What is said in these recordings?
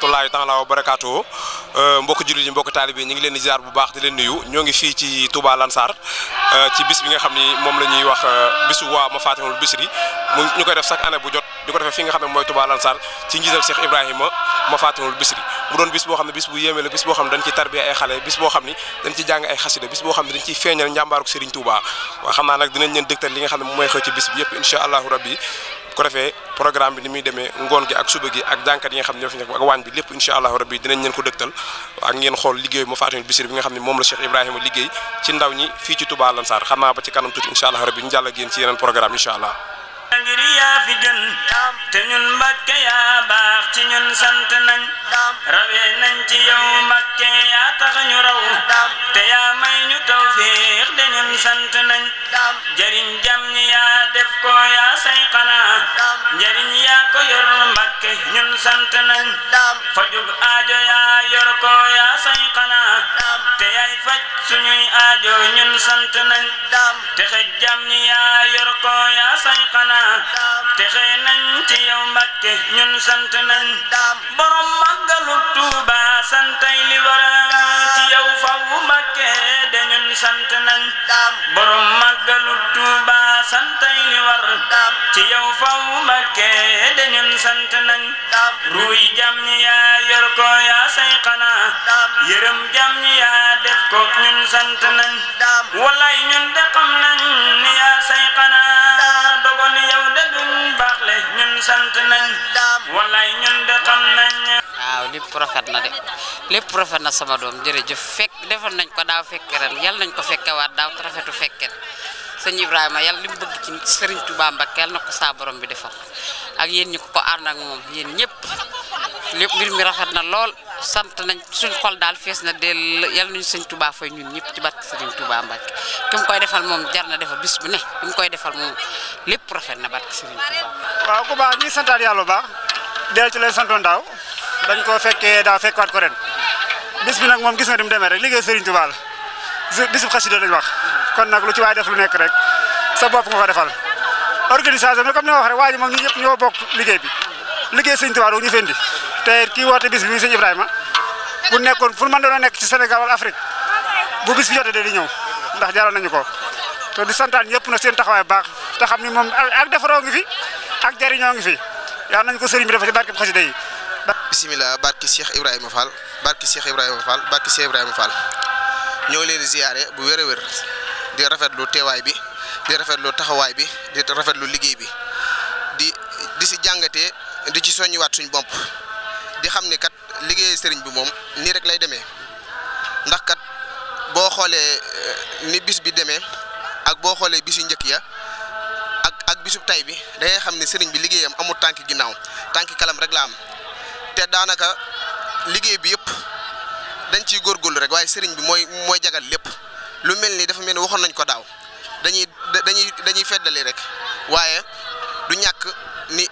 rahmatullahi taala wa barakaatu euh, mbokk jullit yi mbokk taalibe yi ngi leen di ziar bu baax di leen nuyu ñoo ngi fii ci Touba Lansar euh, ci bis bi nga xam ni moom la wax euh, bisu waa Mafatihul Bichri mu ñu koy def chaque année bu jot di ko defee fi nga xam ne mooy Touba Lansar mu doon bis boo xam ne bis bu yéeme la bis boo xam ne dañ ci tarbiya ay xale bis boo xam ni dañ ci jàng ay xasida bis boo xam ne dañ ciy feeñal njàmbaaruk Serigne Touba waaw xam naa nag dinañ leen dëgtal li nga xam ne mooy xew ci bis bi yëpp incha allahu rabbi bu ko defee programme bi ni muy demee ngoon gi ak suba gi ak jànkat yi nga xam ne ñoo fi nekk ak waañ bi lépp incha allahu rabbi dinañ leen ko dëgtal ak ngeen xool liggéey ma faatuñu bisir bi nga xam ne moom la Cheikh Ibrahima liggéey ci ndaw ñi fii ci Touba Lansar xam naa ba ci kanam tuuti incha allahu rabbi ñu jàll ak yéen ci yeneen programme incha allah ngir yaa fi gën te ñun Mbàkke yaa baax ci ñun sant nañ rawee nañ ci yow Mbàkke yaa tax ñu raw te yaa may ñu tawfiix de ñun sant nañ jariñ jam ñi yaa def ko yaa say xanaa njariñ yaa ko yor Mbàkke ñun sant nañ ñun sant nañ te xej jam ñi yaa yor ko yaa say texe nañ ci yow Mbàkke ñun sant nañ borom màggalu Tuuba santay li wara ci yow fawu Mbàkke de ñun sant nañ borom màggalu Tuuba santay yow fawu Mbàkke de ñun sant nañ ruuy jam ñi yaa yor ko yaa say jam ñi yaa def sant nañ walay ñun de xam nañ ñun sant wallaay ñun de xam nañ waaw lépp rafet na de lépp rafet na sama doom jërëjëf fekk defoon nañ ko daaw fekke rek yal nañ ko fekkewaat daaw rafetu fekken sëñ Ibrahima yàlla li bëgg ci Serigne Touba Mbacke yal na ko saa bi defal ak yéen ñu ko ko ànd ak moom yéen ñëpp lépp mbir mi rafet na lool sant nañ suñ xol daal fees na del yal nañu sëñ Touba fooy ñun ñëpp ci barke sëriñ Touba Mbacke ki mu koy defal moom jar na defal bis bu ne ki mu koy defal moom lépp rafet na barke sëriñ waaw ku baax ñuy santaat yàlla bu baax del ci lay santoon daaw dañ ko fekkee daaw fekkaat ko ren bis bi nag moom gis nga ni mu demee rek liggéey sëriñ Touba la bisu xasida lañ wax kon nag lu ci waay def lu nekk rek sa bopp nga ko defal. organisation bi comme ni ma waa ji moom ñu ñëpp ñoo bokk liggéey bi liggéey sëñ Tuubaa ñu fendi te kii woote bis bi muy sëñ Ibrahima bu nekkoon fu mën doon nekk ci Sénégal wala Afrique bu bis bi jotee di ñëw ndax jaroon nañu ko te di santaan ñëpp na seen taxawaay baax te xam ni moom ak defaroo ngi fi ak jariñoo ngi fi yal nañ ko sëriñ bi dafa ci barke xasida yi bisimilah barki Cheikh Ibrahima Fall barki Cheikh Ibrahima Fall barki Cheikh Ibrahima Fall ñoo leen di ziyaare bu wér wér di lu teewaay bi di lu taxawaay bi di rafetlu liggéey bi di di si jàngatee di ci soññiwaat suñ bopp di xam ni kat liggéey sëriñ bi moom nii rek lay demee ndax kat boo xoolee eh, ni bis bi demee ak boo xoolee bisu njëkk ya ak ak bisu tay bi da xam ne sëriñ bi liggéeyam amul tànki ginnaaw tànki kalam rek la am te daanaka liggéey bi yëpp dañ ciy góorlu rek waaye sëriñ bi mooy mooy jagal lépp. lu mel ni dafa mel ni waxoon nañ ko daaw dañuy dañuy dañuy feddali rek waaye du ñàkk ni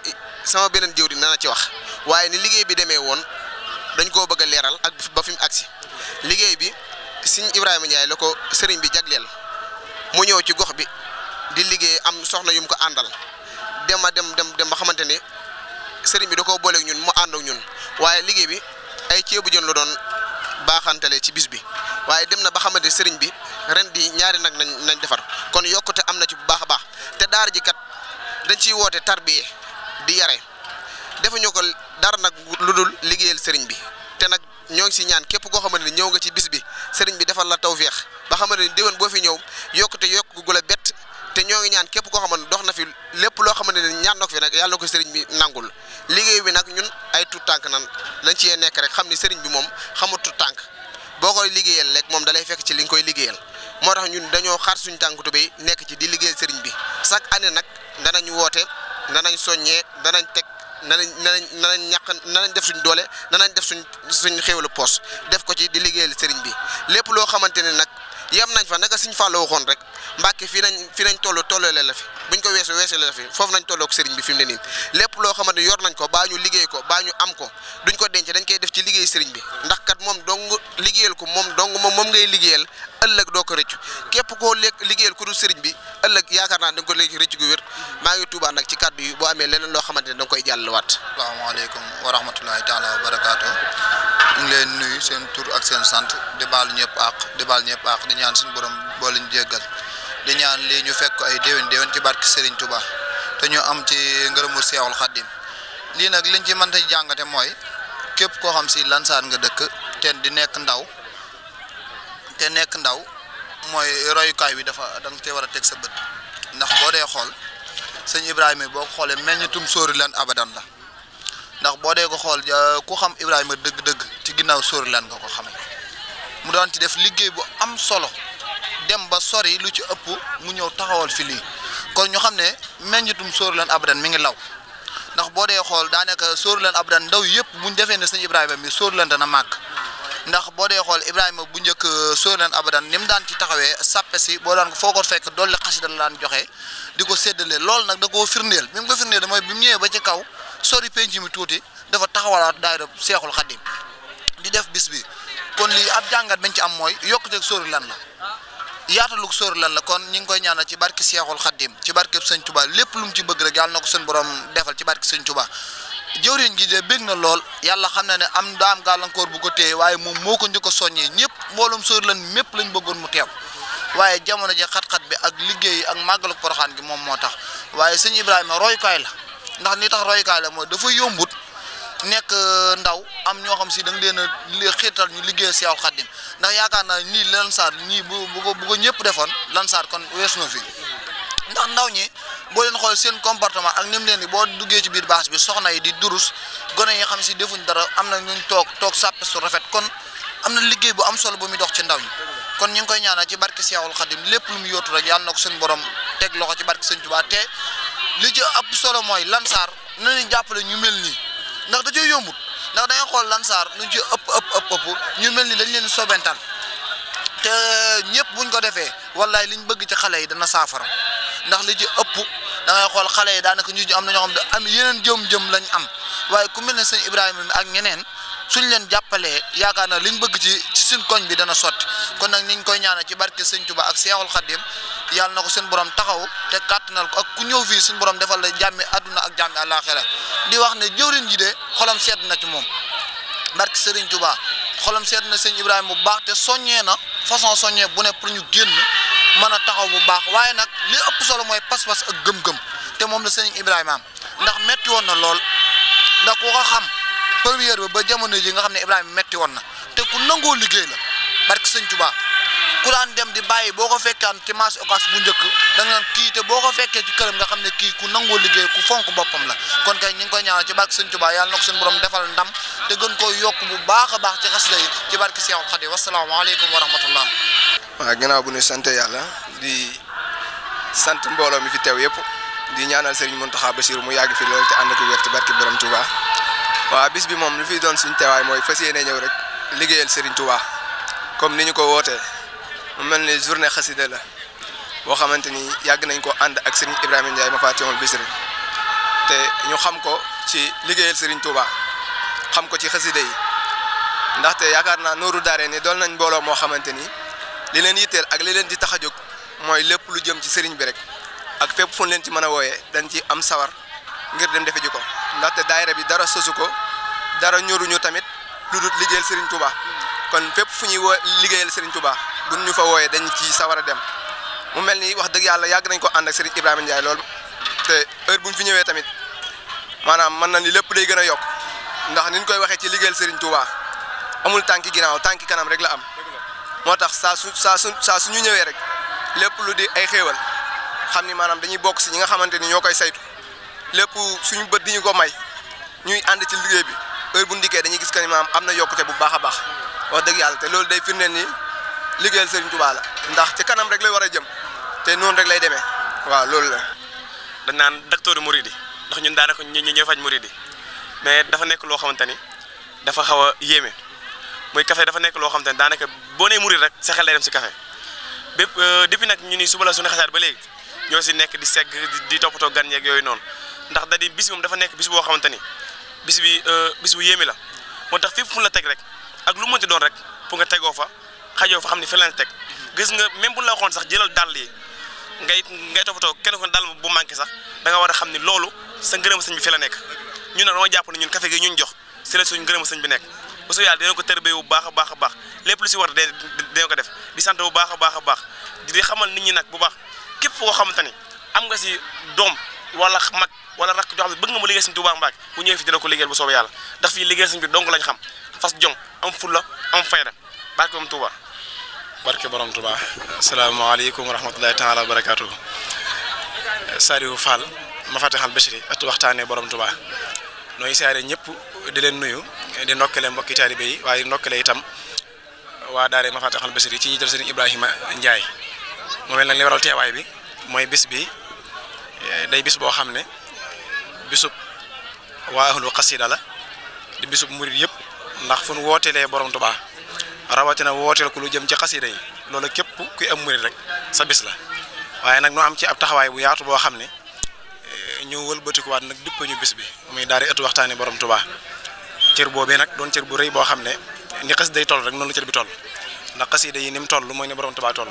sama beneen jëw di nana ci wax waaye ni liggéey bi demee woon dañ koo bëgg a leeral ak ba fi agsi liggéey bi Sëriñ Ibrahima Ndiaye la ko sëriñ bi jagleel mu ñëw ci gox bi di liggéey am soxna yu mu ko àndal dem a dem dem dem ba xamante ni sëriñ bi da koo booleeg ñun mu ànd ak ñun waaye liggéey bi ay ceebu jën la doon baaxantale ci bis bi waaye dem na ba xamante sëriñ bi ren di ñaari nag nañ nañ defar kon yokkute am na ci bu baax a baax te daara ji kat dañ ciy woote tarbiye di yare defuñu ko dara nag lu dul liggéeyal sëriñ bi te nag ñoo ngi si ñaan képp koo xamante ni ñëw nga ci bis bi sëriñ bi defal la tawféex ba xamante ni déwén boo fi ñëw yokkute yokk gu la bett te ñoo ngi ñaan képp koo xamante dox na fi lépp loo xamante ne ñaan na ko fi nag yàlla ko sëriñ bi nangul liggéey bi nag ñun ay tuut tànk na nañ ci nekk rek xam ni sëriñ bi moom xamul tànk boo koy liggéeyal rek moom dalay fekk ci li nga koy liggéeyal moo tax ñun dañoo xar suñu tànkatu bi nekk ci di liggéey sëriñ bi chaque année nag danañ woote danañ soññee danañ teg danañ danañ danañ ñàq danañ def suñ doolee danañ def suñ suñ xéwlu poos def ko ci di liggéeyal sëriñ bi lépp loo xamante ne nag yem nañ fa naka suñ fàlla waxoon rek. Mbàkke fii nañ fii nañ toll tollale la fi buñ ko weesu weesale la fi foofu nañ tollook sëriñ bi fi mu ne nii lépp loo yor nañ ko baa ñu liggéey ko baa ñu am ko duñ ko denc dañ koy def ci liggéey sëriñ bi ndax kat moom dong liggéeyal ko moom dong moom moom ngay liggéeyal ëllëg doo ko rëccu képp koo lekk liggéeyal ku dul sëriñ bi ëllëg yaakaar naa da ko léegi rëcc gu maa ngi tuubaa nag ci kàddu yi boo amee leneen loo xamante ne da nga koy jàllwaat asalaamaaleykum wa rahmatulahi taala wa barakaatu ñu ngi leen nuyu seen tur ak seen sant di baal ñëpp àq di baal ñëpp ñaan suñu borom boo leen jéggal di ñaan lii ñu fekk ay déwén déwén ci barke Serigne Touba te ñu am ci ngërëmul Seexul Xaddim lii nag liñ ci mën jàngate mooy képp koo xam si Lansar nga dëkk te di nekk ndaw te nekk ndaw mooy royukaay bi dafa danga nga cee war a teg sa bët ndax boo dee xool sëñ Ibrahima boo ko xoolee meññitum sóori lan abadan la ndax boo dee ko xool ku xam Ibrahima dëgg-dëgg ci ginnaaw sóori lan nga ko xamee mu doon ci def liggéey bu am solo. dem ba sori lu ci ëpp mu ñëw taxawal fi lii kon ñoo xam ne meññitum sóoru leen abadan mi ngi law ndax boo dee xool daanaka sóoru leen abadan ndaw yëpp buñ defee ne sëñ Ibrahima bi sóoru leen dana màgg ndax boo dee xool Ibrahima bu njëkk euh, sóoru leen abadan ni mu daan ci taxawee sàppe si boo daan foo ko fekk dolli xasida la daan joxe di ko séddale lool nag da koo firndeel bi mu ko firndeel mooy bu mu ñëwee ba ci kaw sori penc mi tuuti dafa taxawalaat daayira Seexul Xadim di def bis bi kon lii ab jàngat bañ ci am mooy yokkute sóoru la yaatalu sóor la la kon ñi ngi koy ñaanal ci barke Seexul Xaddim ci barkeb Sëñ Tuubaa lépp lu mu ci bëgg rek yàlla na ko seen borom defal ci barke Sëñ Tuubaa jëwriñ gi de bég na lool yàlla xam na ne am daa am gàllankoor bu ko téye waaye moom moo ko njëkk a soññee ñëpp mbooloom sóor lan mépp lañ bëggoon mu teew waaye jamono ji xat-xat bi ak liggéey ak màggalu poroxaan gi moom moo tax waaye sëñ Ibrahima royukaay la ndax li tax royukaay la mooy dafa yombut nekk euh, ndaw am ñoo xam si da nga leen ñu liggéey Seexul Xaddim ndax yaakaar naa nii Lansar nii bu bu bu ko ñëpp defoon Lansar kon weesu na fi ndax ndaw ñi boo leen xool seen comportement ak nim leen di boo duggee ci biir baas bi soxna yi di durus gone yi xam si defuñ dara am na ñuñ toog toog sàppe su rafet kon am na liggéey bu am solo bu muy dox ci ndaw ñi kon ñu ngi koy ñaanal ci barke Seexul Xadim lépp lu mu yóotu rek yàlla na ko suñu borom teg loxo ci barke Sëñ Tuubaa te li ci ab solo mooy Lansar nañu jàppale ñu mel nii ndax da cee ndax da nga xool lansaar lu ji ëpp ëpp ëpp ñu mel ni dañ leen sobental te ñëpp buñ ko defee wallaay liñ bëgg ci xale yi dana saafara ndax li ci ëpp da xool xale yi daanaka ñu am na ñoo xam ne am yeneen jëm-jëm lañ am waaye ku mel ne sëñ Ibrahima mi ak ñeneen. suñ leen jàppalee yaakaar na liñ bëgg ci ci suñ koñ bi dana sot kon nag niñ koy ñaanal ci barke sëñ juba ak Seexul Xadim yàlla na ko seen boroom taxaw te kàttanal ko ak ku ñëw fii suñ borom defal la jàmmi àdduna ak jàmmi àllaaxira di wax ne jëwriñ ji de xolam sedd na ci moom barke sëriñ Tuba xolam sedd na sëñ Ibrahima bu baax te soññee na façon soññee bu ne pour ñu génn mën a taxaw bu baax waaye nag li ëpp solo mooy pas-pas ak gëm-gëm te moom la sëñ Ibrahima am ndax metti na lool première bi ba jamono ji nga xam ne Ibrahima metti woon na te ku nangoo liggéey la barke sëñ Tuubaa ku daan dem di bàyyi boo ko fekkaan ci marché Ocass bu njëkk da nga kii te boo ko fekkee ci këram nga xam ne kii ku nangoo liggéey ku fonk boppam la kon kay ñu ngi koy ñaanal ci barke sëñ Tuubaa yàlla na ko seen borom defal ndam te gën koo yokk bu baax a baax ci xasida yi ci barke Seexul Xadiim wasalaamaaleykum wa rahmatullah waaw ginnaaw bu ñu sant yàlla di sant mbooloo mi fi teew yëpp di ñaanal Serigne Mountakha Bassirou mu yàgg fi loolu te ànd ak wér ci barke borom Tuubaa waaw bis bi moom lu fiy doon suñu teewaay mooy fas yéene ñëw rek liggéeyal Serigne Touba comme ni ñu ko wootee mu mel ni journée xasida la moo xamante ni yàgg nañ ko ànd ak Serigne Ibrahima Ndiaye ma fatimul Bichri te ñu xam ko ci liggéeyal sëriñ Touba xam ko ci xasida yi ndaxte yaakaar naa nooru daare ni dool nañ mbooloo moo xamante ni li leen yitteel ak li di tax a jóg mooy lépp lu jëm ci Serigne bi rek ak fépp fu leen ci mën a wooyee dañ ci am sawar ngir dem defe ko ndaxte daayira bi dara sosu ko dara ñoruñu tamit lu dul liggéeyal Serigne tubaa kon fépp fu ñuy woo liggéeyal Serigne Touba buñ ñu fa wooyee dañu ci sawar a dem mu mel ni wax dëgg yàlla yàgg nañ ko ànd ak Serigne Ibrahima Ndiaye lool te heure ñu fi ñëwee tamit maanaam mën na ni lépp day gën a yokk ndax niñ koy waxee ci liggéeyal Serigne tubaa amul tànki ginaaw tànki kanam rek la am moo tax saa su saa su saa su ñu ñëwee rek lépp lu di ay xéewal xam ni maanaam dañuy bokk si ñi nga xamante ni ñoo koy saytu lépp suñu bët di ñu ko may ñuy ànd ci liggéey bi heure bu ndikkee dañuy gis que ni maam am na yokkute bu baax a baax wax dëgg yàlla te loolu day firndeel ni liggéeyal Serigne Touba la ndax ci kanam rek lay war a jëm te noonu rek lay demee waaw loolu la. dañ naan docteur Mouride ndax ñun daanaka ñu ñu ñoo faj Mouride mais dafa nekk loo xamante ni dafa xaw a yéeme muy café dafa nekk loo xamante ni daanaka boo nee Mouride rek sa xel day si café bépp euh, depuis nag ñu ni suba la suñu xasaar ba léegi ñoo si nekk di segg di toppatoo gan yeeg yooyu noonu. ndax da di dafa nekk bis boo xamante ni bis bi euh, bisi bu yéeme la moo tax fépp fu la teg rek ak lu mënti doon rek pour nga tegoo fa xajoo fa xam ne fi la teg gis nga même bu la waxoon sax jëlal dàll yi ngay ngay toppatoo kenn ko dàll bu manqué sax danga war a xam ni loolu sa ngërëm sëñ bi fi la nekk ñun nag dama jàpp ne ñun café gi ñun jox si la suñu ngërëm sëñ bi nekk bu soo yàlla dina ko tërbee bu baax a baax a baax lépp lu si war dina ko def di sant bu baax a baax a baax di xamal nit ñi nag bu baax képp koo xamante ni am nga si doom wala mag wala rakk joo xam ne bëgg nga mu liggéey Sëriñ Tuubaa Mbàkke bu ñëwee fi dina ko liggéeyal bu soobee yàlla ndax fii liggéey Sëriñ bi dong lañ xam fas jom am fulla am fayda barke borom Tuubaa barke borom Tuubaa asalaamaaleykum wa rahmatullahi taala wa barakaatu Saliou Fall Mafatihul Bichri at waxtaanee borom Tuubaa nooy saare ñëpp di leen nuyu di ndokkale mbokki taalibe yi waaye ndokkale itam waa daare Mafatihul Bichri ci ñi jël Sëriñ Ibrahima Ndiaye moom mel nag li waral teewaay bi mooy bis bi eh, day bis boo xam ne bisub waa ahlu xasida la di bisub murit yëpp ndax fu nu wootelee borom tubaa rawatina wooteel ku lu jëm ci xasida yi loolu képp kuy am murit rek sa bis la waaye nag nu am ci ab taxawaay bu yaatu boo xam ne eh, ñu wëlbatikuwaat nag duppe ñu bis bi muy daari ëttu waxtaani borom tubaa cër boobee nag doon cër bu rëy boo xam ne ni xasida yi tol rek noonu la cër bi toll ndax xasida yi ni mu toll mooy ne borom tubaa toll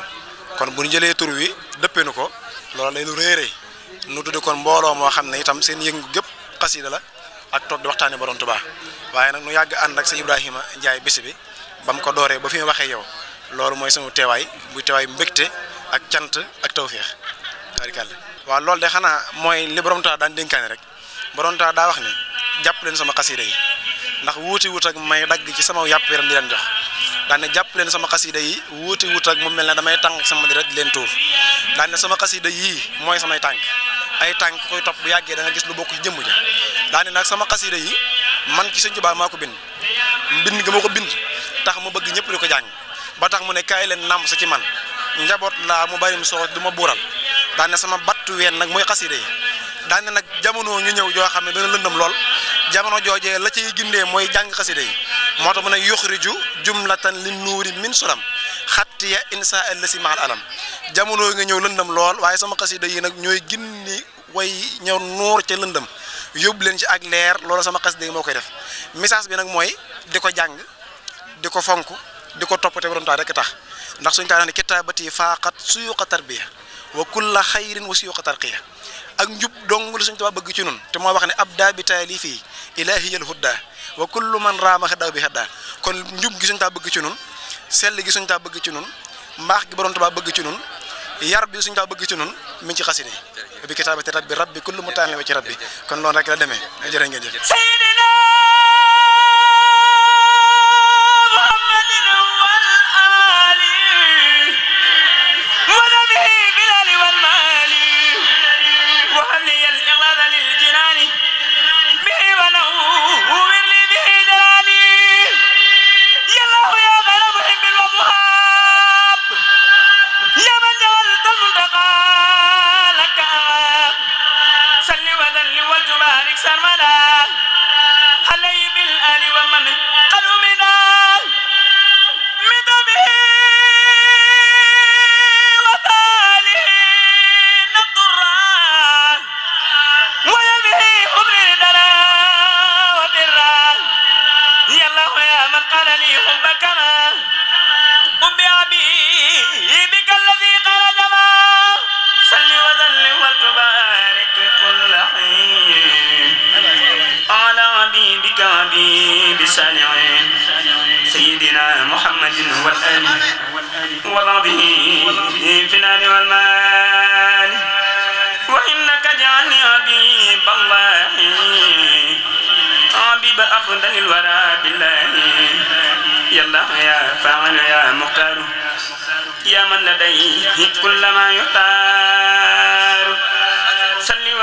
kon bu ñu tur wi dëppee nu tudde kon mbooloo moo xam ne itam seen yëngu gépp xasida la ak toog di waxtaane borom Tuubaa waaye nag nu yàgg ànd ak sëñ Ibrahima Ndiaye bés bi ba mu ko dooree ba fi mu waxee yow loolu mooy sama teewaay buy teewaay mbégte ak cant ak tawféex tabarikàlla waaw loolu de xanaa mooy li borom Tuubaa daan dénkaane rek borom taa daa wax ne jàpp leen sama xasida yi ndax wuuti wut ak may dagg ci sama yàpp yaram di leen jox daan ne jàpp leen sama xasida yi wuute wuut ak mu mel ne damay tànk sama di rek di leen tuur daan ne sama xasida yii mooy samay tànk ay tànk koy topp bu yàggee da gis lu bokk ci jëmm ja daan nag sama xasida yi man ci Sëñ Tuubaa maa ko bind mbind gi ma ko bind tax ma bëgg ñëpp di ko jàng ba tax mu ne kaay leen nàmp sa ci man njaboot laa mu bari mu soxla du ma buural daan sama battu ween nag mooy xasida yi daan nag jamono ñu ñëw joo xam ne dana lëndam lool jamono joojee la ciy gindee mooy jàng xasida yi moo tax mu ne yuxriju jumlatan li nuuri min suram xattiya insa alla si maal alam jamono nga ñëw lëndam lool waaye sama xasida yi nag ñooy gindi way ñëw nuur ca lëndam yóbbu leen ci ak leer loolu sama xasida yi moo koy def message bi nag mooy di ko jàng di ko fonk di ko toppate borom tax rek tax ndax suñ kaa ne kitaabati faaqat suyuqa tarbiya wa kulla xayrin wa suyuqa tarqiya ak njub dong la suñ Tuubaa bëgg ci nun te moo wax ne abda bi taalifii ilaahiyal hudda wa kullu man raamaxa daw bi hadda kon njub gi suñ taa bëgg ci nun sell gi suñ taa bëgg ci nun mbaax gi borom Tuubaa bëgg ci nun yar bi suñ taa bëgg ci nun mi ngi ci xasine bi bi kitaabati rabbi rabbi kullu mutaane wa ci bi kon loolu rek la demee jërë ngeen jëf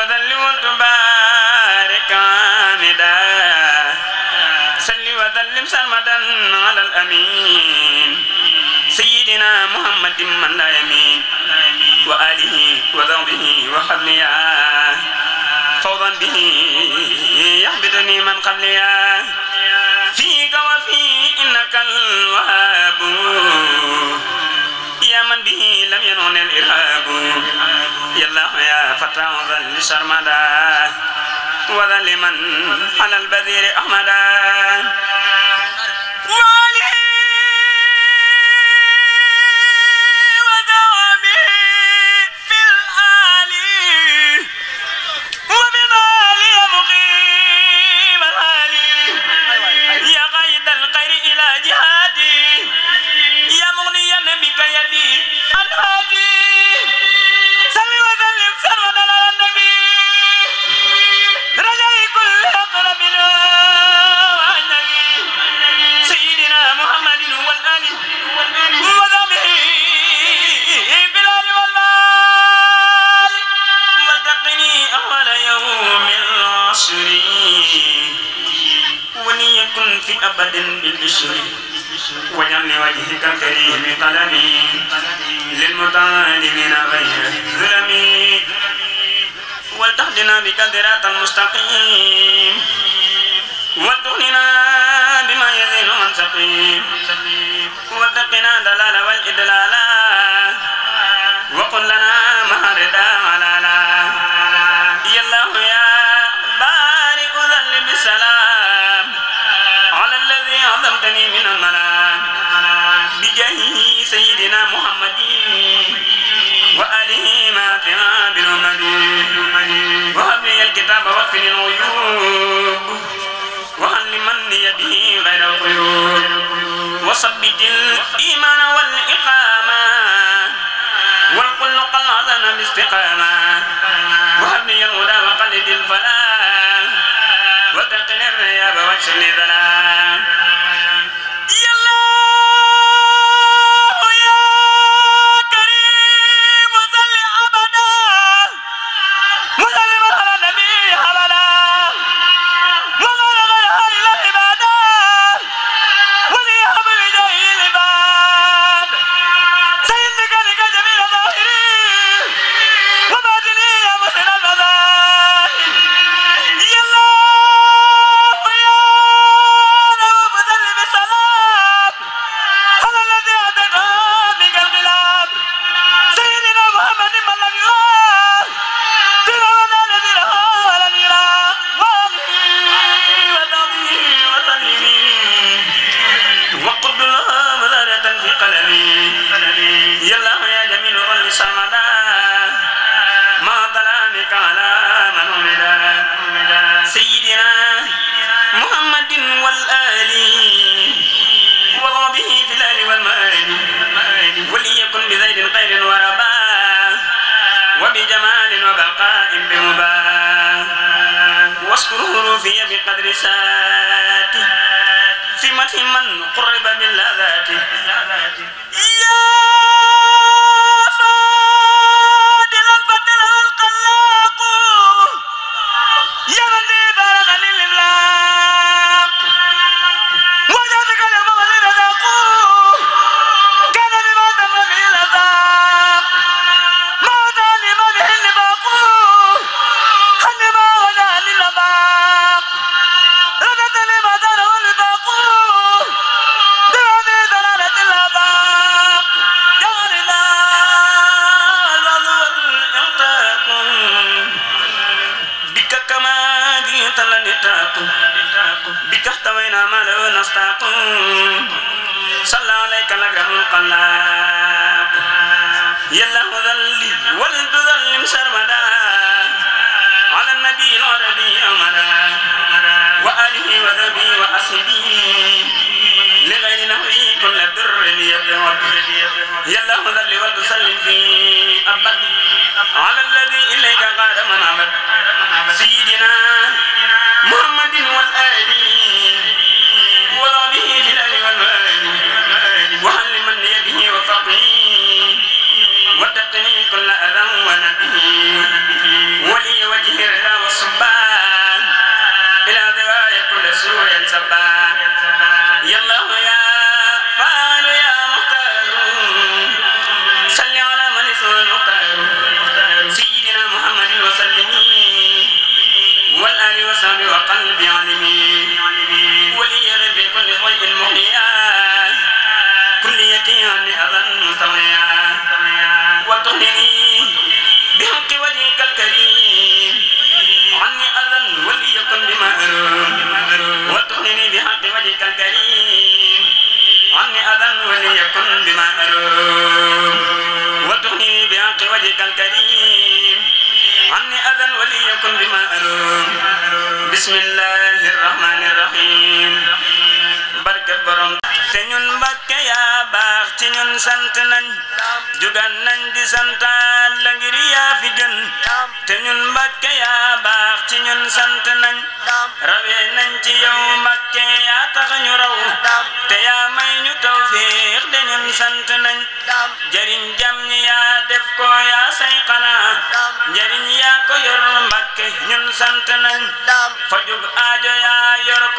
وذل وتبارك عامدا سل وذلم سرمدا على الأمين سيدنا محمد من لا يمين وآله وذوبه وحبليا فوضا به يحبطني من قبليا فيك وفي إنك الوهاب يا من به لم ينون الإرهاب يلا يا فتى وذل شرمدا وذل من على البذير أحمدا بالبشر واجعلني وجهك الكريم قلمي للمطالبين غير ظلمي ولتهدنا بك ذراة المستقيم سني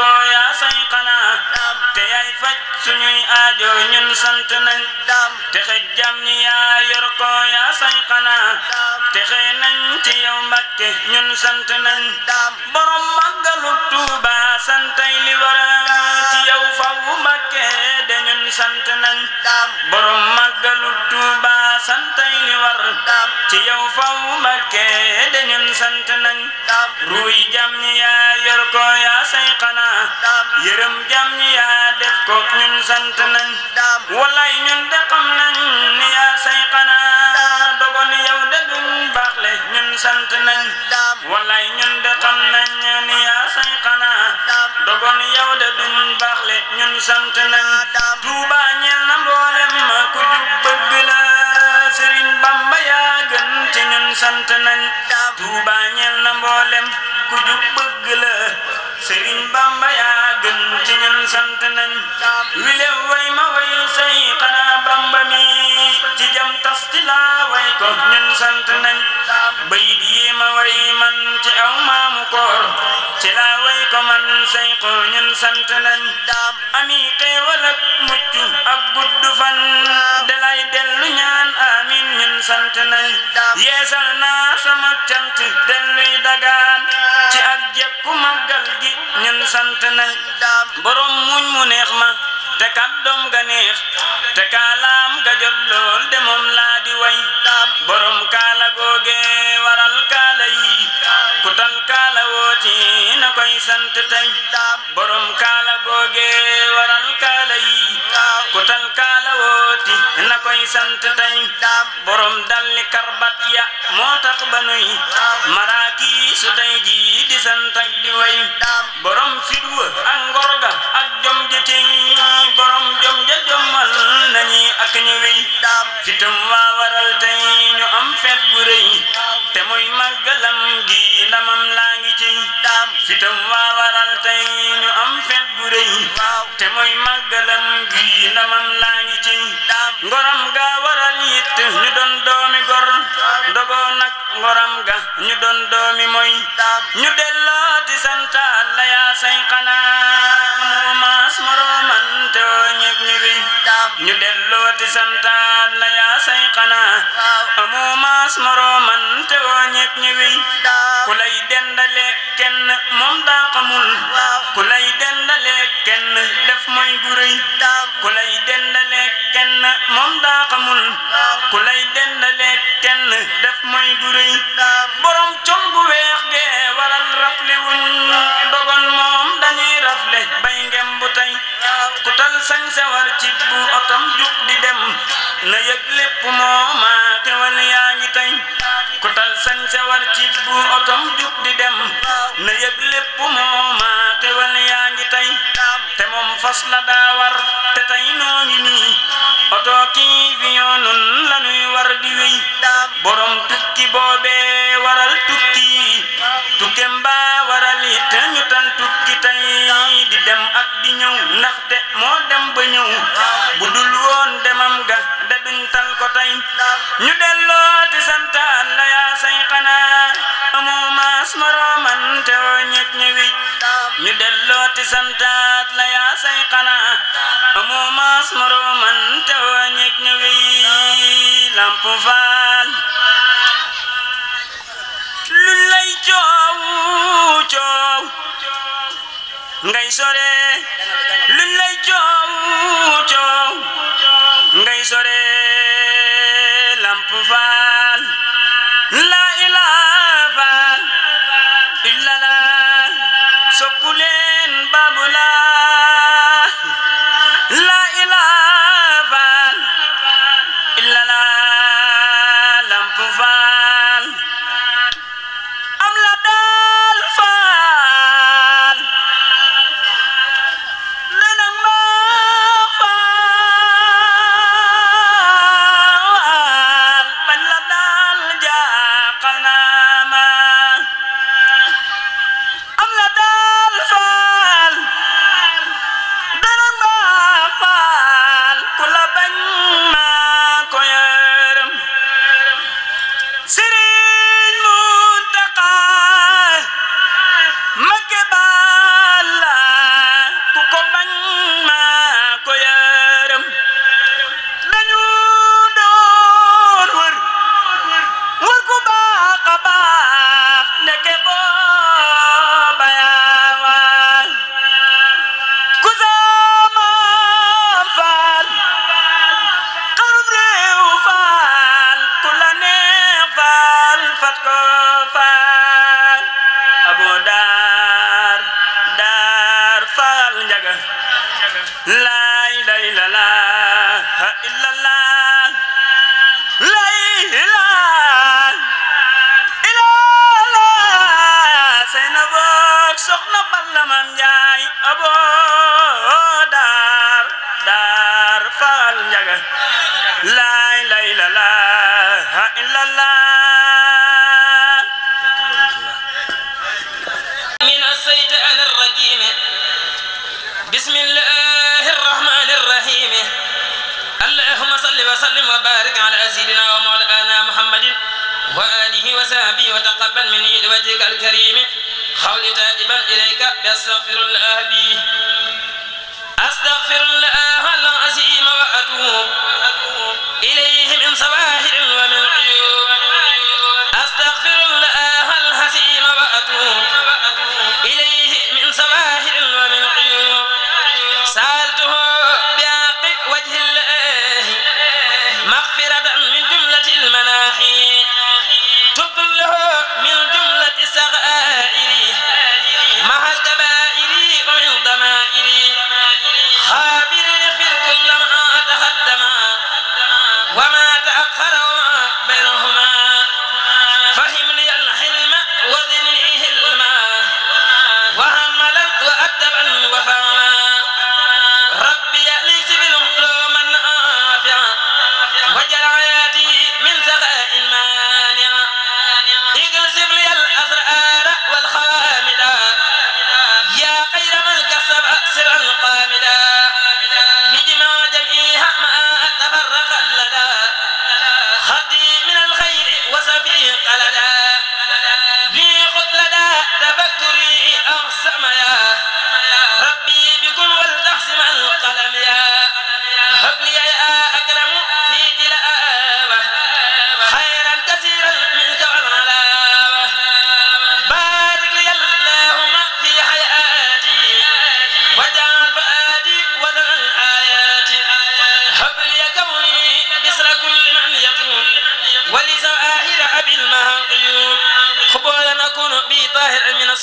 woo yaa say xanaa te yaay faj suñuy aajo ñun sant nañ te xëj jam ñi yaa yor ko yaa say xanaa te xëy nañ ci yow mbàkke ñun sant nañ borom màggalu tuuba santay li waral ci yow fawu mbàkke de ñun sant nañ borom màggalu tuuba santay li war ci yow fawu mbàkke de ñun sant nañ ruuy jam ñi yaa yor ko yaa say xanaa yërëm jam ñi yaa def ko ñun sant nañ walay ñun de xam nañ ni yaa say xanaa dogon yow de duñ baaxle ñun sant nañ walay ñun de xam nañ ni yaa say xanaa dogon yow de duñ le ñun sant nañ tuuba ku ñu bëgg la sëriñ bamba yaa gën ci ñun sant nañ wile way ma way say xanaa bamba mi ci jam tas ci laa way ko ñun sant nañ bayit yi ma way man ci aw maamu koor ci laa ko man say ko ñun sant nañ ami xéewal ak mucc ak gudd de dalay dellu ñaan amin ñun sant nañ yeesal naa sama cant delluy dagaan ci ak jekku màggal gi ñun sant nañ borom muñ mu neex ma te kàddoom ga neex te kaalaam ga jot lool de moom laa di way borom kaala googee ñuy sant tey borom kaala googee waral kaala yi ku tal kaala wooti na koy sant tey borom dalli karbat ya moo tax ba nuy war ci bu otom jug di dem na yëg lépp mooma te wal ngi tey te moom fas la daa te tey noo ngi nii oto kii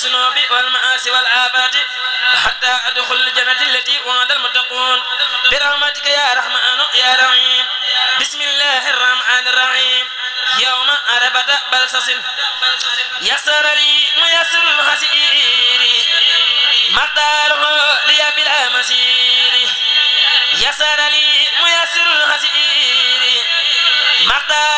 الذنوب والمآسي والآفات حتى أدخل الجنة التي وعد المتقون برحمتك يا رحمن يا رحيم بسم الله الرحمن الرحيم يوم عرفة بلسس يسر لي ميسر الحسير مقداره لي بلا مسير يسر لي ميسر الحسير مقداره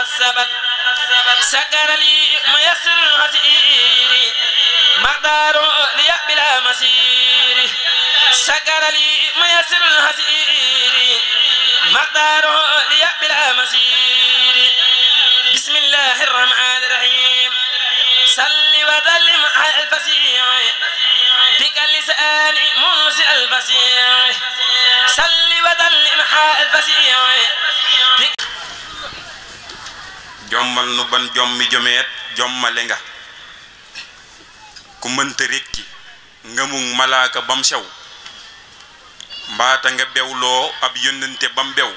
السبب سكر لي ما يسر مسيري مقدار لي بلا مسير سكر لي ما يسر مسيري مقدار لي بلا مسير بسم الله الرحمن الرحيم صل وسلم على الفسيح بك اللسان موسى الفسيح صل وسلم على الفسيح jommal nu ban jom mi jommale nga ku mënta rékki ngëmug malaaka bam sew mbaata nga bewloo ab yónnante bam bew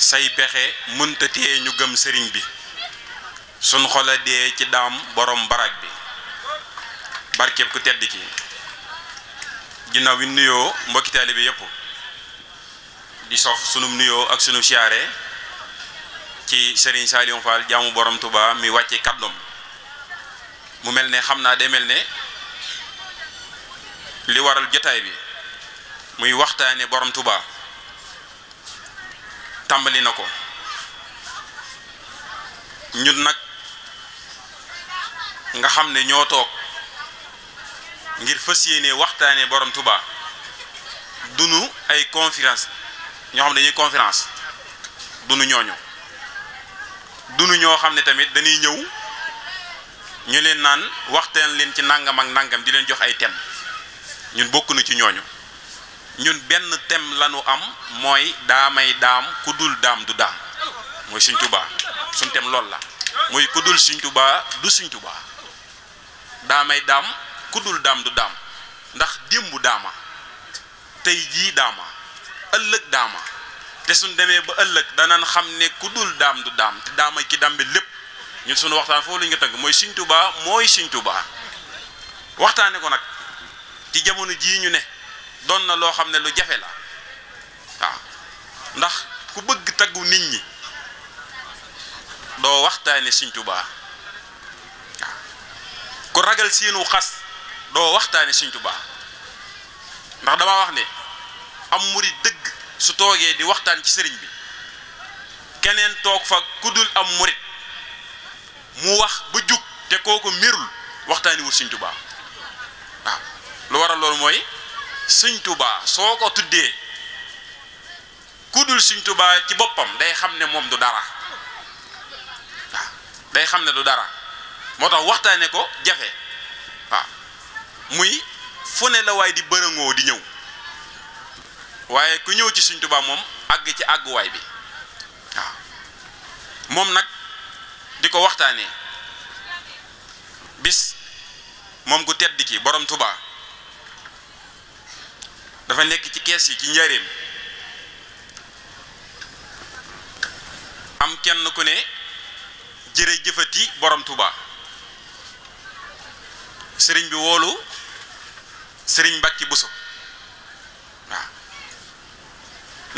say pexe mënta ñu gëm sëriñ bi sun xola dee ci daam borom barak bi barkeb ku tedd ci ginnaaw bi nuyoo mbokki taalibe bi yépp di sof sunu nuyoo ak sunu siyaare ci Serigne sa Fall jaamu borom tubaa mi wàcce kàddoom mu mel ne xam naa day mel ne li waral jotaay bi muy waxtaane borom Touba tàmbali na ko ñun nag nga xam ne ñoo toog ngir fas yéene waxtaane borom Touba dunu ay conférence ñoo xam ne dañuy conférence dunu ñooñu dunu ñoo xam ne tamit dañuy ñëw ñu leen naan waxtaan leen ci nangam ak nangam di leen jox ay thèmes ñun bokk na ci ñooñu ñun benn thème la ñu am mooy daamay daam ku dul daam du daam mooy Sëñ Tuubaa suñ thème loolu la mooy ku dul Sëñ Tuubaa du Sëñ Tuubaa daamay daam ku dul daam du daam ndax démb daama tey jii daama ëllëg daama te suñ demee ba ëllëg danañ xam ne ku dul daam du daam te daamay ki daam bi lépp ñu sunu waxtaan foofu la ñu ko mooy Sëñ Tuubaa mooy Sëñ Tuubaa waxtaane ko nag ci jamono jii ñu ne doon na loo xam ne lu jafe la waaw ndax ku bëgg taggu nit ñi doo waxtaane Sëñ waaw ku ragal siinu xas doo waxtaane siñtubaa ndax dama wax ne am murit dëgg su toogee di waxtaan ci sëriñ bi keneen toog fa ku dul am murit mu wax bu jug te kooku merul waxtaani wul sëñ tubaa waaw lu waral loolu mooy sëñ tubaa soo ko tuddee kudul sëñ tubaa ci boppam day xam ne moom du dara waaw day xam ne du dara moo tax waxtaane ko jafe waaw muy fu ne la waay di bërëngoo di ñëw waaye ku ñëw ci Sëñ Tuubaa moom àgg ci àgguwaay bi waaw moom nag di ko waxtaanee bis moom ku tedd ki borom Tuubaa dafa nekk ci kees yi ci njëriñ am kenn ku ne jërëjëfati borom Tuubaa sëriñ bi woolu sëriñ Mbàkke Buso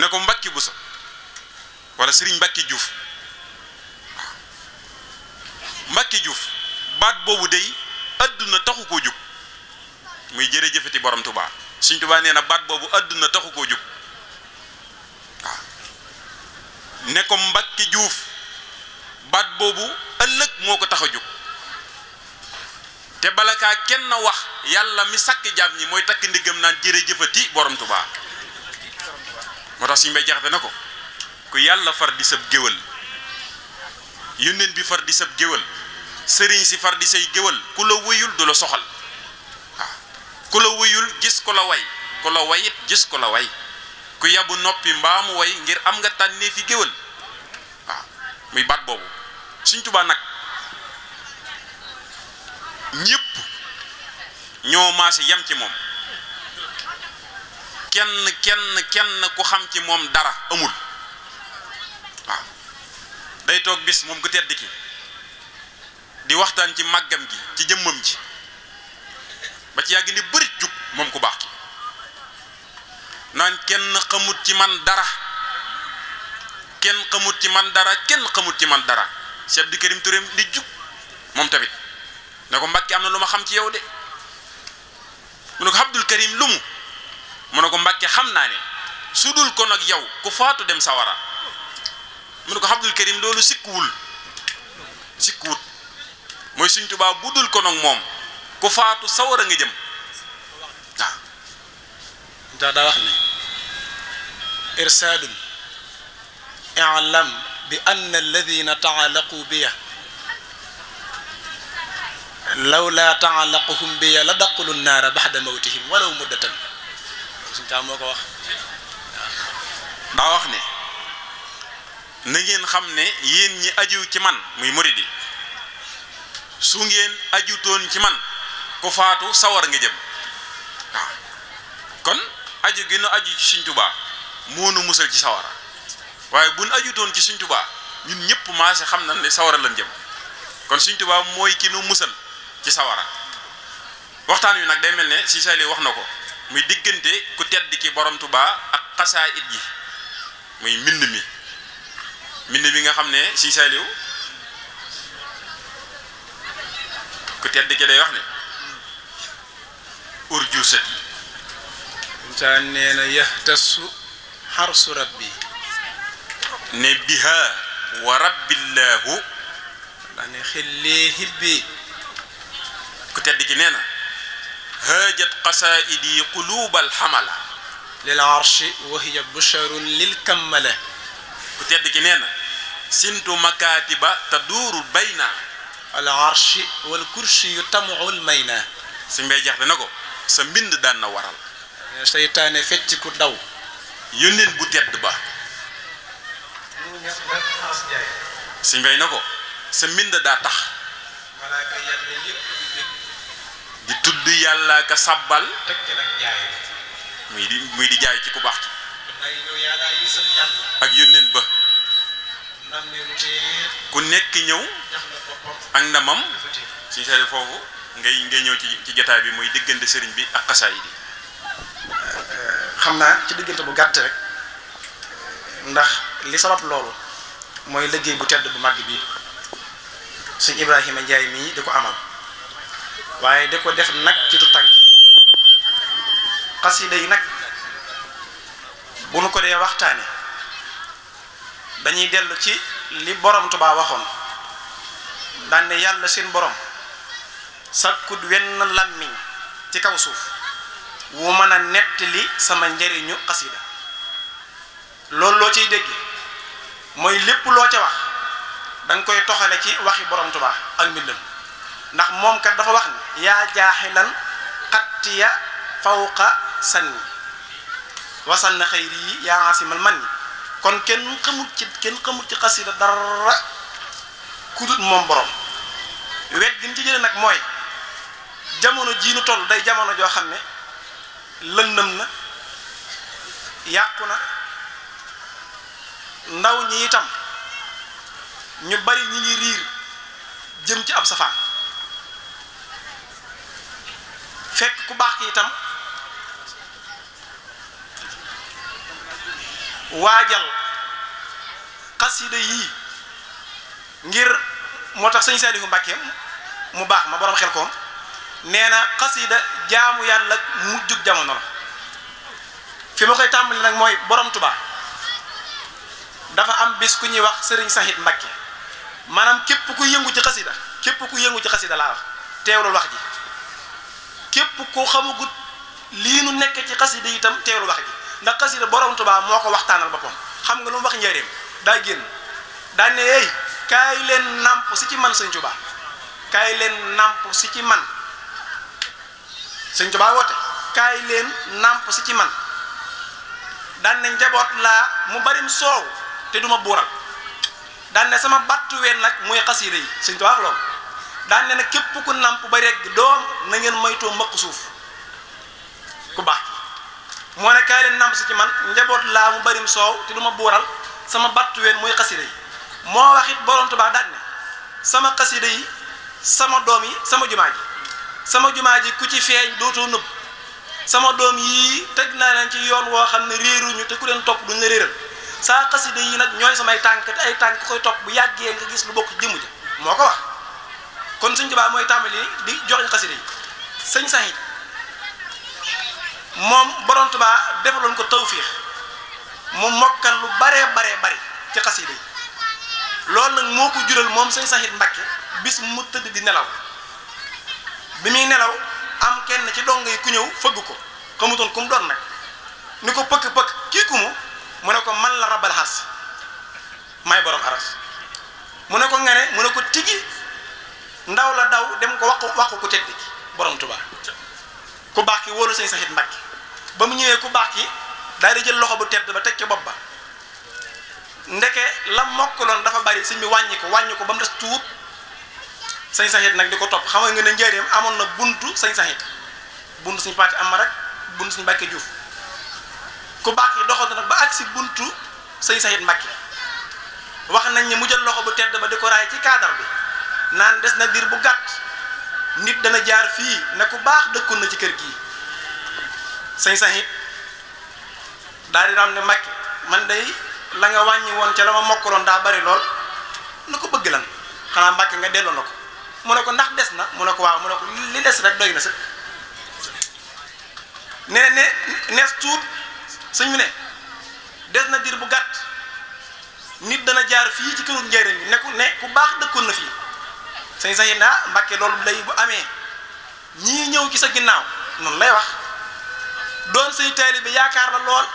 ne ko Mbacke Bousso wala Serigne Mbacke Diouf waaw Mbacke Diouf baat boobu dey àdduna taxu ko jug muy jërëjëfati borom Touba Serigne Touba nee na baat boobu àdduna taxu koo jug waaw ne ko Mbacke Diouf baat boobu ëllëg moo ko tax a jug te balakaa kaa kenn wax yàlla mi sakk jàmm ñi mooy takk ndigam naan jërëjëfati borom Touba. moo tax suñu mbay jaxate na ko ku yàlla far di sab géwal yónneen bi far di sab géwal sëriñ si far di say géwal ku la wëyul du la soxal waaw ku la wëyul gis ku la way ku la way gis ku la way ku yabu noppi mbaamu woy ngir am nga tànnee fi géwal muy baat boobu suñ tubaa nag ñépp ñoo maase yam ci moom kenn kenn kenn ku xam ci moom dara amul waaw day toog bis moom ku tedd ki di waxtaan ci màggam gi ci jëmmam ji ba ci yàgg ni bëri jug moom ku baax ki naan kenn xamut ci man dara kenn xamut ci man dara kenn xamut ci man dara Cheikh Abdou Karim Touré di jug moom tamit ne ko Mbàkke am na lu ma xam ci yow de mu ne ko Abdul Karim lu mu mu ko mbàkke xam naa ne su dul ko nag yow ku faatu dem sawara mu ne ko Abdul Karim loolu sikkuwul sikkuwut mooy Sëñ Tuubaa dul ko nag moom ku faatu sawara nga jëm waaw daa daa wax ne irsaadun i'lam bi anna alladina taalaqu biya law laa taalaquhum biya la daqulu naara baxda mawtihim walaw muddatan suñu taal moo ko wax waaw. daa wax ne na ngeen xam ne yéen ñi aju ci man muy muridi su ngeen ajutoon ci man ku faatu sawar nga jëm kon aju gi aju ci suñ tubaa moo nu musal ci sawara waaye bu nu ajutoon ci suñ tubaa ñun ñëpp maase xam na ne sawara lan jëm kon suñ tubaa mooy ki musal ci sawara waxtaan wi nag day mel ne si sali wax na ko muy diggante ku tedd ki borom tubaa ak xasaa it yi muy mbind mi mind mi nga xam ne si saaliw ku tedd ki day wax ne urju sët yi mtaan nee na yahtasu xarsu rabbi ne biha wa rabbillahu ndax ne xillee xibbi ku tedd ki nee na haajat qasaa'idi quluubal xamala lil arshi wa hiya busharun lil kammala ku tedd ki nee na sintu makaatiba te duurul bayna al arshi wal kursi yu tamuul mayna suñ bay dana ko sa mbind daan na waral seytaane fecc ku daw yónneen bu tedd ba na ko mbind daa tudd yàlla ko sabbal muy di muy di jaay ci ku baax ci ak yónneen ba ku nekk ñëw ak ndamam suñu seetlu foofu ngay ngay ñëw ci ci jotaay bi mooy diggante sëriñ bi ak xasaay bi euh, xam naa ci diggante bu gàtt rek ndax li sabab loolu mooy liggéey bu tedd bu màgg bi suñ Ibrahima Njaay mii di ko amal waaye da ko def nag ci tu tànk yi xasida yi nag bu nu ko dee waxtaane dañuy dellu ci li borom Tuubaa waxoon daan ne yàlla seen borom sàkkut wenn làmmiñ ci kaw suuf wu mën a nettali sama njariñu xasida loolu loo ciy dégg mooy lépp loo ca wax danga koy toxale ci waxi borom Tuubaa ak mbindam ndax moom kat dafa wax ni yaa ya xattiya fawqa sanni wasan na xëyri yi yaa asimal man ni kon kenn xamul ci kenn xamul ci xasida dara kudut moom borom wet gi ñu ci jëlee nag mooy jamono jii nu toll day jamono joo xam ne lëndëm na yàqu na ndaw ñi itam ñu bari ñi ngi riir jëm ci ab safaan fekk ku baax ki itam waajal xasida yii ngir moo tax sëñ Saalihu Mbàkke mu baax ma borom xel koom nee na xasida jaamu yàlla mujjug jamono la fi ma koy tàmbali nag mooy borom tubaab dafa am bis ku ñuy wax sëriñ Sahid Mbàkke maanaam képp ku yëngu ci xasida képp ku yëngu ci xasida laa wax teewlul wax ji képp ku xamagut lii nu nekk ci xasida itam teelu wax ji ndax xasida borom Tuubaa moo ko waxtaanal boppam xam nga lu mu wax njëriñ daa génn daa ne ey kaay leen nàmp si ci man sëñ Tuubaa kaay leen nàmp si ci man sëñ Tuubaa woote kaay leen nàmp si ci man daan ne njaboot laa mu barim soow te duma buural daan ne sama battu ween nag mooy xasida yi sëñ Tuubaa daan ne nag képp ku namp ba rek doom na ngeen moytoo mëq suuf ku baax moo ne kaay leen namp si ci man njaboot laa mu barim soow te du ma buural sama battuween muy xasida yi moo wax it borom Tuubaa daan ne sama xasida yi sama doom yi sama jumaa ji sama jumaa ji ku ci feeñ dootoo nëbb sama doom yii teg naa leen ci yoon woo xam ne réeruñu te ku leen topp duñ la réeral saa xasida yi nag ñooy samay tànk te ay tànk koy topp bu yàggee nga gis lu bokk jëmm ja moo ko wax kon sëñ Tuubaa mooy tàmbali di joxe xasida yi sëñ Saxiit moom borom Tuubaa defaloon ko tawfiix mu mokkal lu baree baree bari ci xasida yi loolu nag moo ko jural moom sëñ Saxiit Mbàkke bis mu tëdd di nelaw bi muy nelaw am kenn ci dong yi ku ñëw fëgg ko xamutoon ku doon nag ni ko pëkk pëkk kii ku mu mu ne ko man la rabal xas may borom aras mu ne ko nga ne mu ne ko tigi ndaw la daw dem ko wax waxu ku tedd ki borom Tuubaa ku baax ki wóolu sëñ Saxiit Mbàkke ba mu ñëwee ku baax ki daal di jël loxo bu tedd ba teg ci bopp ba ndeke la mokkaloon dafa bari si bi wàññi ko wàññi ko ba mu des tuut sëñ saxit nag di ko topp xam nga ne njëriñam amoon na buntu sañ saxit buntu suñu parti am rek buntu suñu Mbàkke Juuf ku baax ki doxoon nag ba àgg si buntu sëñ Saxiit Mbàkke wax nañ ne mu jël loxo bu tedd ba di ko raay ci cadre bi. naan des na diir bu gàtt nit dana jaar fii ne ku baax dëkkoon na ci kër gii sañ saxit daal di raam ne Mbàkke man day la nga wàññi woon ca la ma mokkaloon daa bari lool nu ko bëgg lan xanaa Mbàkke nga delloo na ko mu ne ko ndax des na mu ne ko waaw mu ne ko li des rek doy na sëkk ne ne tuut sëñ ne des na diir bu gàtt nit dana jaar fii ci këru njëriñ bi ne ne ku baax dëkkoon na fii sëñ Zeyna Mbàkke loolu lay bu amee ñii ñëw ci sa ginnaaw noonu lay wax doon say taalibe yaakaar la lool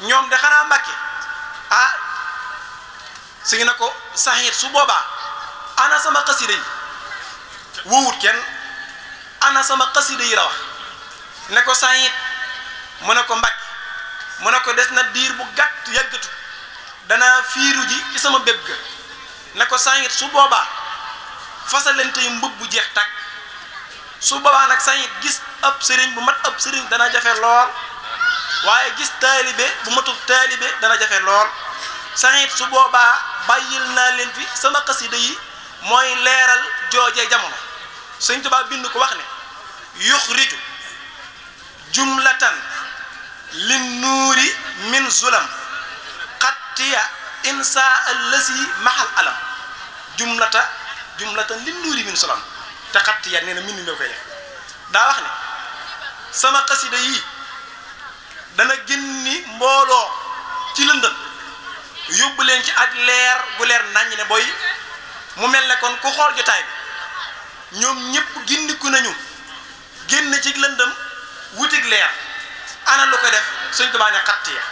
ñoom de xanaa Mbàkke ah sëñ na ko saxiit su boobaa ana sama xasida yi wowut kenn ana sama xasida yi la wax ne ko saxiit mu ne ko Mbàkke mu ne ko des na diir bu gàtt yàggatu dana fiiru ji ci sama béb ga ne ko saxiit su boobaa fasalantey mbub bu jeex tàkk su boobaa nag sañit gis ab sëriñ bu mat ab sëriñ dana jafe lool waaye gis taalibe bu matul taalibe dana jafe lool sañit su boobaa bàyyil naa leen fi sama xasida yi mooy leeral joojee jamono Sëriñ Tuubaa bind ko wax ne yuxriju jumlatan lin nuuri min zulam xattiya insa allasi mahal alam jumlata jumlatan li nuuri min salam te xatt ya nee na mbind mi koy def daa wax ne sama xasida yii dana génni mbooloo ci lëndëm yóbbu leen ci ak leer bu leer naññ ne boy mu mel ne kon ku xool jotaay bi ñoom ñëpp gindiku nañu génn ci lëndëm wutig leer ana lu ko def suñ tubaab ne xatt ya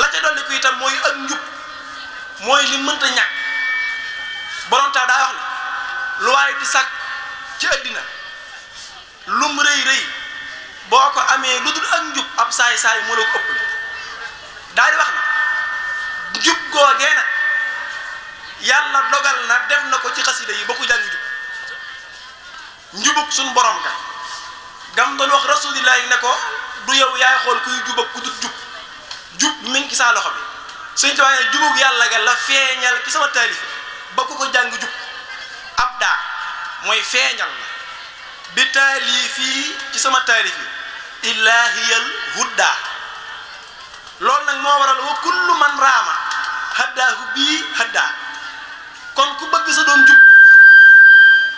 la ca dolli ko itam mooy ak njub mooy li mënta ñàkk borom taw daa wax ne lu waaye di sàkk ci àddina lum rëy rëy boo ko amee lu dul ak njub ab saay saay moo la ko ëpp daal di wax ne njub googee nag yàlla dogal na def na ko ci xasida yi ba ku jàng njub njubug suñ borom ka gam doon wax rasulillahi ne ko du yow yaay xool kuy jub ak ku dut jub jub mi ngi saa loxo bi suñ ci waxee yàlla ga la feeñal ci sama taalifi ba ko jàng jub ab daa mooy feeñal na bi taalifii ci sama taalif yi illahiyal huddaa loolu nag moo waral wa kullu man raama haddaahu bii haddaa kon ku bëgg sa doom jub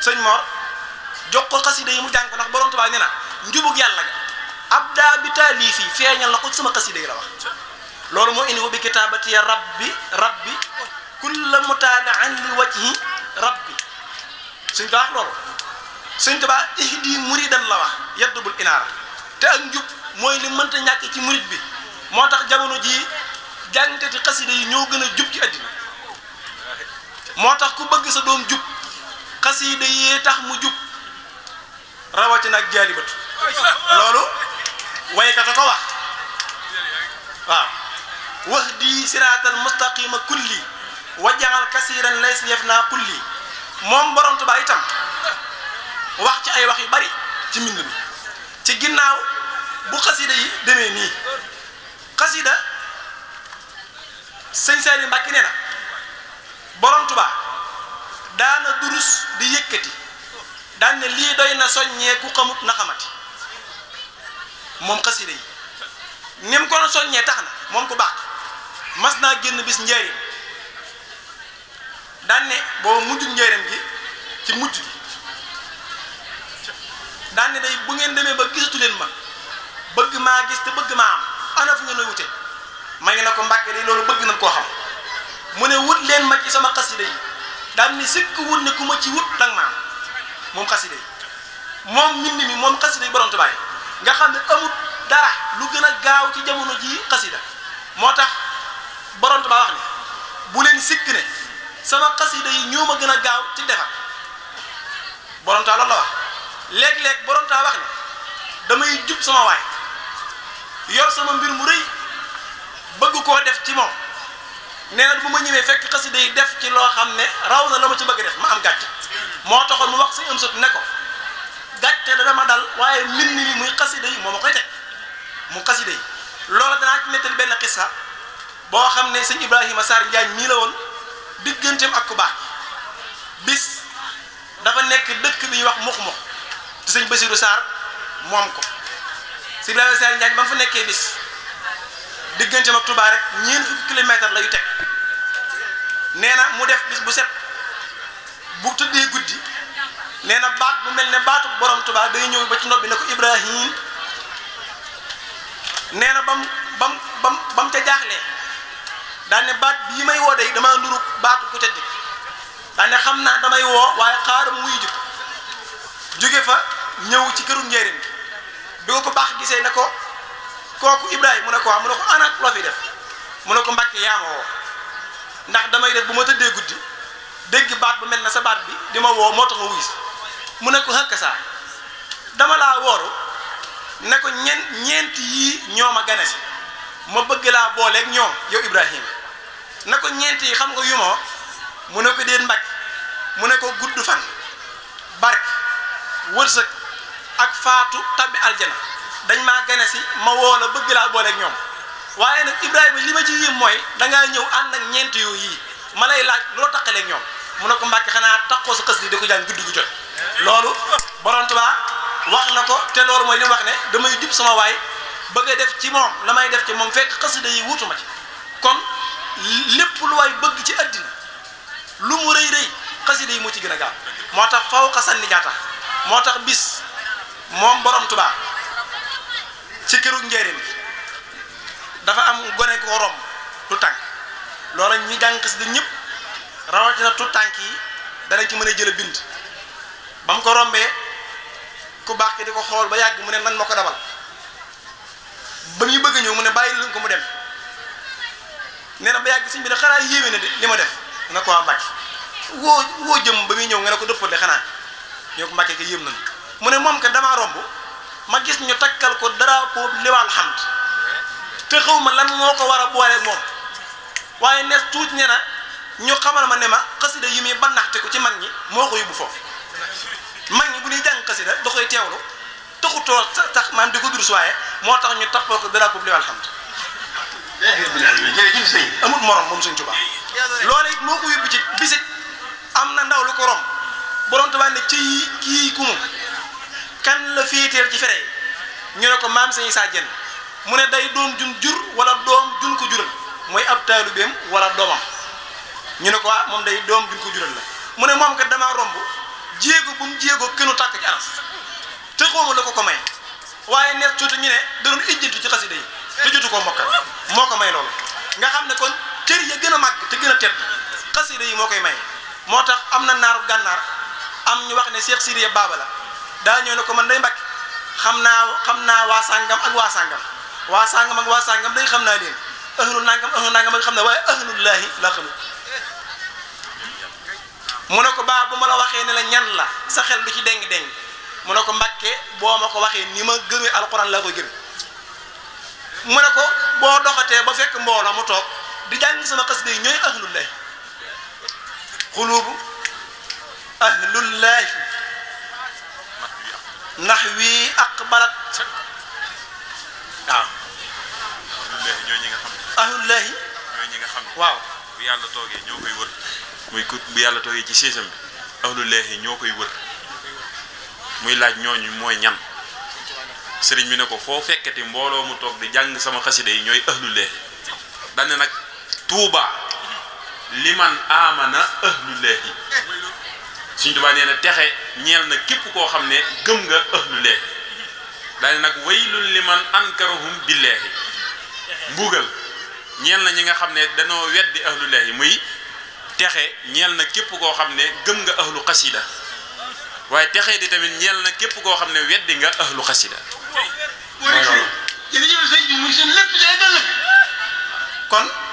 sëñ Mor jox ko xasida yi mu jàng ko ndax borom Tuubaa nee na njubug yàlla ga ab daa bi taalif yi feeñal na ko ci sama xasida yi la wax loolu moo indi wa bi kitaabati rabbi rabbi kulla mutaanaan li wajhi rabbi suñ ko wax loolu suñ tubaa ihdi muridan la wax yaddubul inaara te ak njub mooy li mënta ñàkk ci murid bi moo tax jamono jii jàngkati xasida yi ñoo gën a jub ci àddina moo tax ku bëgg sa doom jub xasida yee tax mu jub rawatina ak jaalibatu loolu waykata ko wax waaw wax di siraatal mustaqima kulli wajaxal kasiiran naa yafnaa kulli moom borom Tuubaa itam wax ci ay wax yu bari ci mbind mi ci ginnaaw bu xasida yi demee nii xasida sëñ Saaliw Mbàkke nee na borom Tuubaa daana durus di yëkkati daan lii doy na soññee ku xamut na xamati moom xasida yi ni mu ko soññee tax na moom ku baax mas naa génn bis njëriñ daan ne boo mujjug njëriñ gi ci mujj gi daan bu ngeen demee ba gisatu leen ma bëgg maa gis te bëgg maa am ana fu ngeen a wute ma ngi na ko mbàkke day loolu bëgg nañ koo xam mu ne wut leen ma ci sama xasida yi daan ne sikk wut ne ku ma ci wut dang ma moom xasida moom mbind mi moom xasida yi borom tubaay nga xam ne amut dara lu gën a gaaw ci jamono ji xasida moo tax borom tubaay wax ne bu leen sikk ne sama xasida yi ñoo ma gën a gaaw ci defar borom taa la wax léeg-léeg borom taa wax ne damay jub sama waay yor sama mbir mu rëy bëgg koo def ci moom nee na bu ma ñëwee fekk xasida yi def ci loo xam ne raw na la ci bëgg def ma am gàcce moo taxoon mu wax si am sot ne ko gàcce da dama dal waaye mbind mi muy xasida yi moo ma koy teg mu xasida yi loolu danaa ci nettali benn xissa boo xam ne sëñ Ibrahima Sarr Njaañ mii la woon digganteem ak ku baax bis dafa nekk dëkk bi ñuy wax mux mux te sëñ Basiru Saar moom ko si Ibrahima Saar Njaañ ba mu nekkee bis digganteem ak Touba rek ñeent fukki kilomètre lañu yu teg nee na mu def bis bu set bu tëddee guddi nee na baat bu mel ne baatu borom tubaa day ñëw ba ci nopp bi ne ko Ibrahim nee na bam bam bam bam ca jaaxlee daan baat bii may woo day dama nduru baatu ku tedd daan ne xam naa damay woo waaye xaaram muy jub jóge fa ñëw ci këru njëriñ bi ko baax gisee ne ko kooku Ibrahima mu ne ko am mu ne ko ana loo fi def mu ne ko Mbàkke yaa ma woo ndax damay def bu ma tëddee guddi dégg baat bu mel na sa baat bi di ma woo moo tax ma wuyis mu ne ko xëkk saa dama laa wooru ne ko ñen ñeent yii ñoom a ganesi ma bëgg laa booleeg ñoom yow Ibrahima na ko ñeent yi xam nga yumoo mu ne ko déet mbaj mu ne ko gudd fan barke wërsëg ak faatu tabbi aljana dañ maa gane si ma woo la bëgg laa booleeg ñoom waaye nag Ibrahima li ma ci yéem mooy dangaa ñëw ànd ak ñeenti yooyu yii ma lay laaj loo taqaleeg ñoom mu ne ko mbàkke xanaa takkoo si xës di di ko jàng guddi gu jot loolu borom Tuubaa wax na ko te loolu mooy li wax ne damay dib sama waay bëgg a def ci moom la may def ci moom fekk xasida yi wuutuma ci kon lépp lu waay bëgg ci àddina lu mu rëy rëy xasida yi moo ci gën a gaaw moo tax faw xasan ni jaata moo tax bis moom borom tubaa ci këru njëriñ bi dafa am gone ko romb tu tànk loola ñi jàng xasida ñëpp rawatina tu tànk yi danañ ci mën a jël bind ba mu ko rombee ku baax ki di ko xool ba yàgg mu ne nan moo ko dabal ba muy bëgg ñëw mu ne bàyyi leen ko mu dem nee na ba yàgg sëñ bi ne xanaa yéeme na de li ma def nga ko waa Mbàkke woo woo jëm ba muy ñëw nga ne ko dëppale xanaa ñoo ko Mbàkke ko yéem nañu mu ne moom ka damaa romb ma gis ñu takkal ko drapeau liwaal xamd te xaw ma lan moo ko war a boole moom waaye ne tuuti ne na ñu xamal ma ne ma xasida yi muy te ko ci mag ñi moo ko yóbbu foofu mag ñi bu ñuy jàng xasida da koy teewlu taxutoo tax man di ko durus waaye moo tax ñu tappoo ko drapeau liwaal xamd jërëjëf sëñ amul morom moom sëñ Tuubaa loolu it moo ko yóbbu ci bisit am na ndaw lu ko rom borom Tuubaa ne ci kii kumu kan la féeteel ci fere ñu ne ko maam sëñ Isaa Jeen mu ne day doom jun jur wala doom jun ko mooy ab bem wala doomam ñu ne ko ah moom day doom jun ko jural la mu ne moom kat damaa romb jéego bu mu jéego kënu tàkk ci aras te xooma la ko ko may waaye nees tuuti ñu ne da doon ijjantu ci xasida yi te jotu koo mokkal moo ko may loolu nga xam ne kon cër ya gën a màgg te gën a tedd xasida moo koy may moo tax am na naaru gànnaar am ñu wax ne Cheikh Sidiya baaba la daa ñëw ne ko man day mbàkk xam naa xam naa waa sàngam ak waa sàngam waa sàngam ak waa sàngam day xam naa leen ahlu nangam ahlu nangam ak xam ne waaye ahlullaahi laa xamul mu ne ko baa bu ma la waxee ne la ñan la sa xel du ci deng déng mu ne ko mbàkke boo ma ko waxee ni ma gëmee alxuraan laa koy gëmee mu ne ko boo doxatee ba fekk mboola mu toog di jàng sama xasida yi ñooy ahlullahi xulubu ahlullahi ndax wii aqbarat waaw ahlullahi ñooy ñi nga xam waaw bu yàlla toogee ñoo koy wër muy ku bu yàlla toogee ci siisam bi ahlullahi ñoo koy wër muy laaj ñooñu mooy ñan sëriñ bi ne ko foo fekkati mbooloo mu toog di jàng sama xasida yi ñooy ahlu leexi dane nag tuuba liman amana ahlu leexi suñ tubaa nee na texe ñeel na képp koo xam ne gëm nga ahlu leexi dane nag waylul liman ankarahum bi leexi mbugal ñeel na ñi nga xam ne danoo weddi ahlu leexi muy texe ñeel na képp koo xam ne gëm nga ahlu xasida waaye texee di tamit ñeel na képp koo xam ne weddi nga ahlu xasida mooy loolu kon